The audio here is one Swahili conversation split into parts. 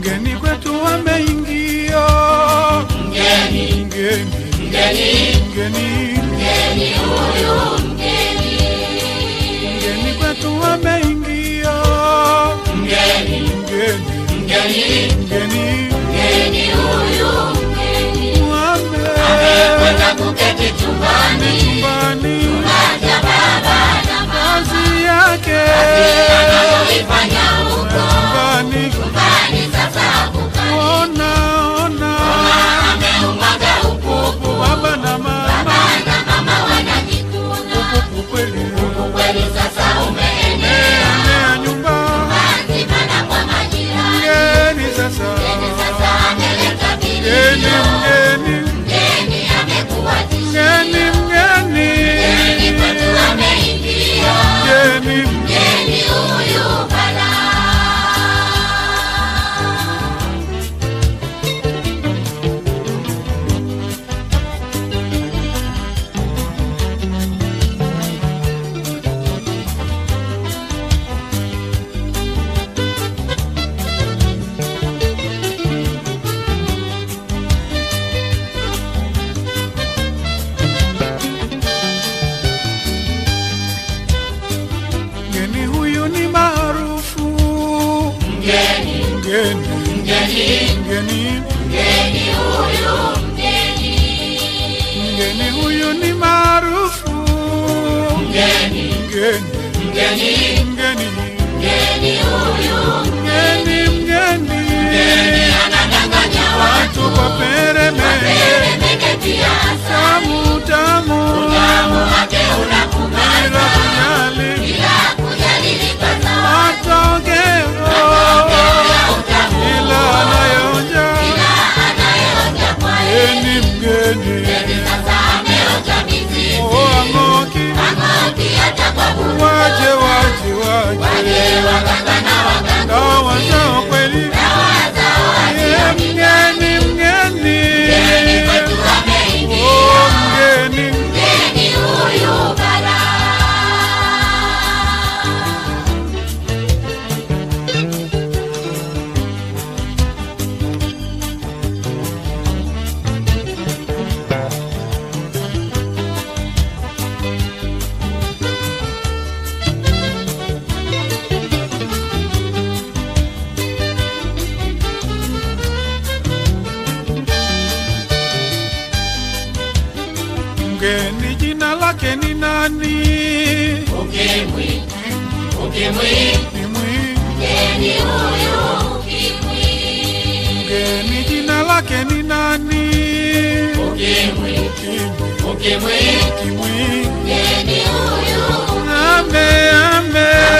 Mgeni kwetu ameingia, mgeni mgeni mgeni mgeni mgeni huyu mgeni, mgeni kwetu ameingia, mgeni mgeni mgeni sasa, mgeni mgeni mgeni amekuwa tishio, mgeni mgeni mgeni kwetu ameingia, mgeni mgeni mgeni mgeni mgeni huyu ni maarufu mgeni mgeni mgeni Geni mgeni Nitazame ojo nitipi oh, Ang'oki Ang'oki atakwa bulu Waje waje waje Waje wakakana jina lake ni nani? Ukimwi, ukimwi, ukimwi, mgeni huyu ukimwi. Mgeni jina lake ni nani? Ukimwi, ukimwi, ukimwi, mgeni huyu Ame, ame, ame.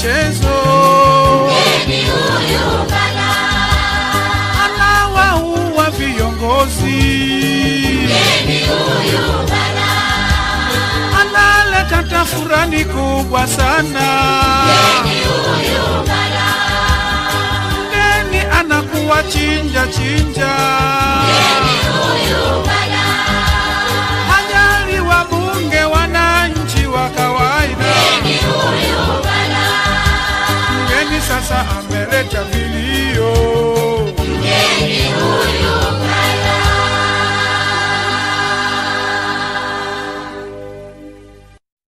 michezo anawaua viongozi analeta tafurani kubwa sana mgeni anakuwa chinja chinja